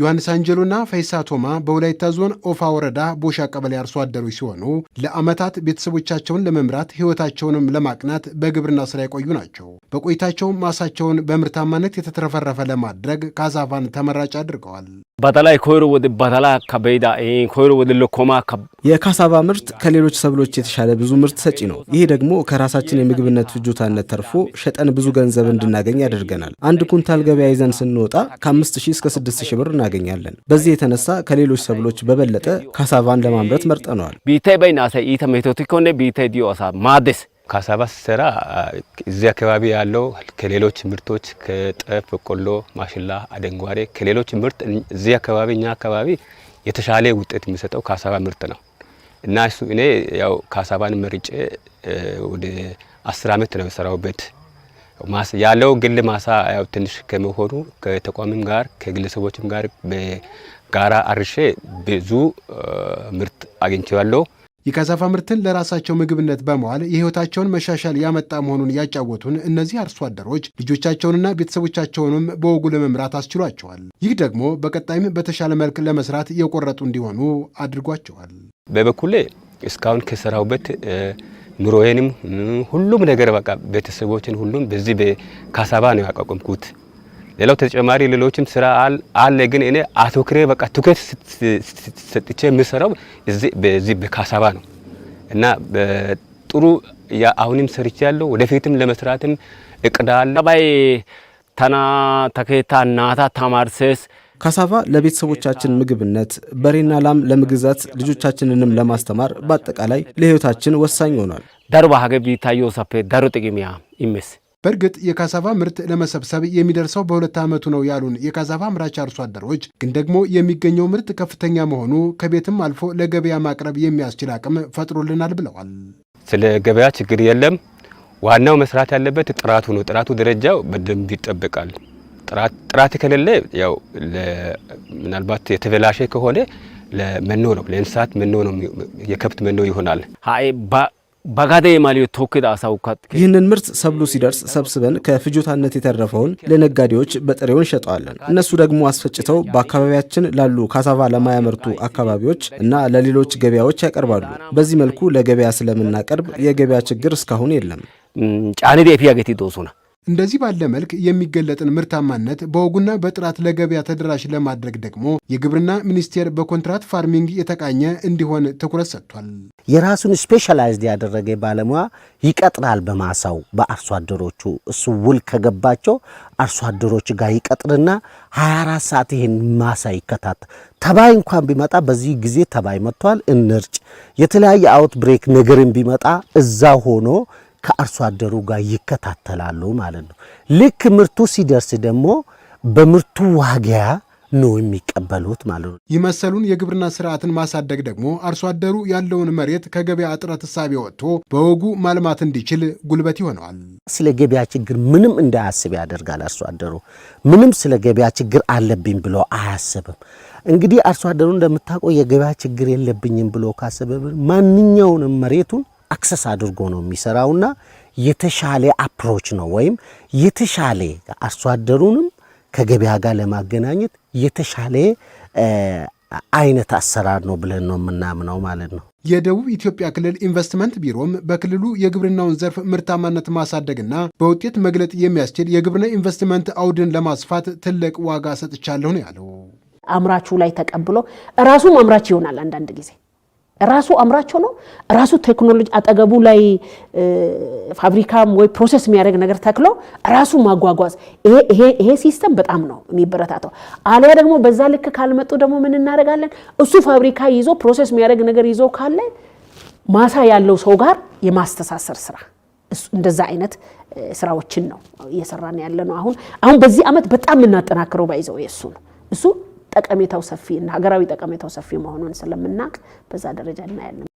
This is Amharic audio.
ዮሐንስ አንጀሎና ፈይሳ ቶማ በወላይታ ዞን ኦፋ ወረዳ ቦሻ ቀበሌ አርሶ አደሮች ሲሆኑ ለዓመታት ቤተሰቦቻቸውን ለመምራት ሕይወታቸውንም ለማቅናት በግብርና ስራ የቆዩ ናቸው። በቆይታቸው ማሳቸውን በምርታማነት የተትረፈረፈ ለማድረግ ካዛፋን ተመራጭ አድርገዋል። በተለይ ኮይሮ ወደ በተላ ከበይዳ ኮይሮ ወደ ሎኮማ የካሳቫ ምርት ከሌሎች ሰብሎች የተሻለ ብዙ ምርት ሰጪ ነው። ይሄ ደግሞ ከራሳችን የምግብነት ፍጆታነት ተርፎ ሸጠን ብዙ ገንዘብ እንድናገኝ ያደርገናል። አንድ ኩንታል ገበያ ይዘን ስንወጣ ከ5000 እስከ 6000 ብር እናገኛለን። በዚህ የተነሳ ከሌሎች ሰብሎች በበለጠ ካሳባን ለማምረት መርጠነዋል። ቢታይ ኢተ ሜቶቲኮኔ ቢታይ ዲዮሳ ማደስ ካሳባ ስሰራ እዚህ አካባቢ ያለው ከሌሎች ምርቶች ከጠፍ በቆሎ፣ ማሽላ፣ አደንጓሬ ከሌሎች ምርት እዚህ አካባቢ እኛ አካባቢ የተሻለ ውጤት የሚሰጠው ካሳባ ምርት ነው እና እሱ እኔ ያው ካሳባን መርጬ ወደ አስር አመት ነው ሰራውበት ያለው ግል ማሳ ያው ትንሽ ከመሆኑ ከተቋምም ጋር ከግለሰቦችም ጋር በጋራ አርሼ ብዙ ምርት አግኝቼዋለሁ። የካሳፋ ምርትን ለራሳቸው ምግብነት በመዋል የህይወታቸውን መሻሻል ያመጣ መሆኑን ያጫወቱን እነዚህ አርሶ አደሮች ልጆቻቸውንና ቤተሰቦቻቸውንም በወጉ ለመምራት አስችሏቸዋል። ይህ ደግሞ በቀጣይም በተሻለ መልክ ለመስራት የቆረጡ እንዲሆኑ አድርጓቸዋል። በበኩሌ እስካሁን ከሰራሁበት ኑሮዬንም ሁሉም ነገር በቃ ቤተሰቦችን ሁሉም በዚህ በካሳባ ነው ያቋቋምኩት። ሌላው ተጨማሪ ሌሎችም ስራ አለ፣ ግን እኔ አተኩሬ በቃ ትኩረት ሰጥቼ የምሰራው በዚህ በካሳባ ነው እና ጥሩ አሁንም ሰርቼ ያለው ወደፊትም ለመስራትም እቅዳለሁ። ባይ ተና ተከታ እናታ ታማርሴስ ካሳቫ ለቤተሰቦቻችን ምግብነት በሬና ላም ለመግዛት ልጆቻችንንም ለማስተማር በአጠቃላይ ለህይወታችን ወሳኝ ሆኗል። ዳሩ ባሀገ ቢታዮ ሰፌ ዳሩ ጥቅሚያ ይመስ በእርግጥ የካሳቫ ምርት ለመሰብሰብ የሚደርሰው በሁለት ዓመቱ ነው ያሉን የካሳቫ አምራች አርሶ አደሮች፣ ግን ደግሞ የሚገኘው ምርት ከፍተኛ መሆኑ ከቤትም አልፎ ለገበያ ማቅረብ የሚያስችል አቅም ፈጥሮልናል ብለዋል። ስለ ገበያ ችግር የለም። ዋናው መስራት ያለበት ጥራቱ ነው። ጥራቱ ደረጃው በደንብ ይጠበቃል። ጥራት ከሌለ ያው ምናልባት የተበላሸ ከሆነ ለመኖ ነው ለእንስሳት መኖ ነው የከብት መኖ ይሆናል። በጋዴ ማሊዮ ቶክድ አሳውካት ይህንን ምርት ሰብሉ ሲደርስ ሰብስበን ከፍጆታነት የተረፈውን ለነጋዴዎች በጥሬው እንሸጠዋለን። እነሱ ደግሞ አስፈጭተው በአካባቢያችን ላሉ ካሳቫ ለማያመርቱ አካባቢዎች እና ለሌሎች ገበያዎች ያቀርባሉ። በዚህ መልኩ ለገበያ ስለምናቀርብ የገበያ ችግር እስካሁን የለም። ጫኔ ዴፊያ ገቲ ዶሱና እንደዚህ ባለ መልክ የሚገለጥን ምርታማነት በወጉና በጥራት ለገበያ ተደራሽ ለማድረግ ደግሞ የግብርና ሚኒስቴር በኮንትራት ፋርሚንግ የተቃኘ እንዲሆን ትኩረት ሰጥቷል። የራሱን ስፔሻላይዝድ ያደረገ ባለሙያ ይቀጥራል። በማሳው በአርሶ አደሮቹ እሱ ውል ከገባቸው አርሶ አደሮች ጋር ይቀጥርና 24 ሰዓት ይህን ማሳ ይከታተል። ተባይ እንኳን ቢመጣ በዚህ ጊዜ ተባይ መጥቷል፣ እንርጭ፣ የተለያየ አውት ብሬክ ነገርን ቢመጣ እዛ ሆኖ ከአርሶ አደሩ ጋር ይከታተላሉ ማለት ነው። ልክ ምርቱ ሲደርስ ደግሞ በምርቱ ዋጋ ነው የሚቀበሉት ማለት ነው። ይመሰሉን የግብርና ስርዓትን ማሳደግ ደግሞ አርሶ አደሩ ያለውን መሬት ከገበያ እጥረት እሳቤ ወጥቶ በወጉ ማልማት እንዲችል ጉልበት ይሆነዋል። ስለ ገበያ ችግር ምንም እንዳያስብ ያደርጋል። አርሶ አደሩ ምንም ስለ ገበያ ችግር አለብኝ ብሎ አያስብም። እንግዲህ አርሶ አደሩ እንደምታውቀው የገበያ ችግር የለብኝም ብሎ ካሰበ ማንኛውንም መሬቱን አክሰስ አድርጎ ነው የሚሰራውና የተሻለ አፕሮች ነው ወይም የተሻለ አርሶ አደሩንም ከገበያ ጋር ለማገናኘት የተሻለ አይነት አሰራር ነው ብለን ነው የምናምነው ማለት ነው። የደቡብ ኢትዮጵያ ክልል ኢንቨስትመንት ቢሮም በክልሉ የግብርናውን ዘርፍ ምርታማነት ማሳደግና በውጤት መግለጥ የሚያስችል የግብርና ኢንቨስትመንት አውድን ለማስፋት ትልቅ ዋጋ ሰጥቻለሁ ነው ያለው። አምራቹ ላይ ተቀብሎ ራሱም አምራች ይሆናል አንዳንድ ጊዜ ራሱ አምራቸው ነው። ራሱ ቴክኖሎጂ አጠገቡ ላይ ፋብሪካም ወይ ፕሮሰስ የሚያደርግ ነገር ተክሎ ራሱ ማጓጓዝ፣ ይሄ ሲስተም በጣም ነው የሚበረታተው። አሊያ ደግሞ በዛ ልክ ካልመጡ ደግሞ ምን እናደርጋለን? እሱ ፋብሪካ ይዞ ፕሮሰስ የሚያደርግ ነገር ይዞ ካለ ማሳ ያለው ሰው ጋር የማስተሳሰር ስራ እንደዛ አይነት ስራዎችን ነው እየሰራን ያለ ነው። አሁን አሁን በዚህ ዓመት በጣም የምናጠናክረው ባይዘው የእሱ ነው እሱ ጠቀሜታው ሰፊ እና ሀገራዊ ጠቀሜታው ሰፊ መሆኑን ስለምናውቅ በዛ ደረጃ እናያለን።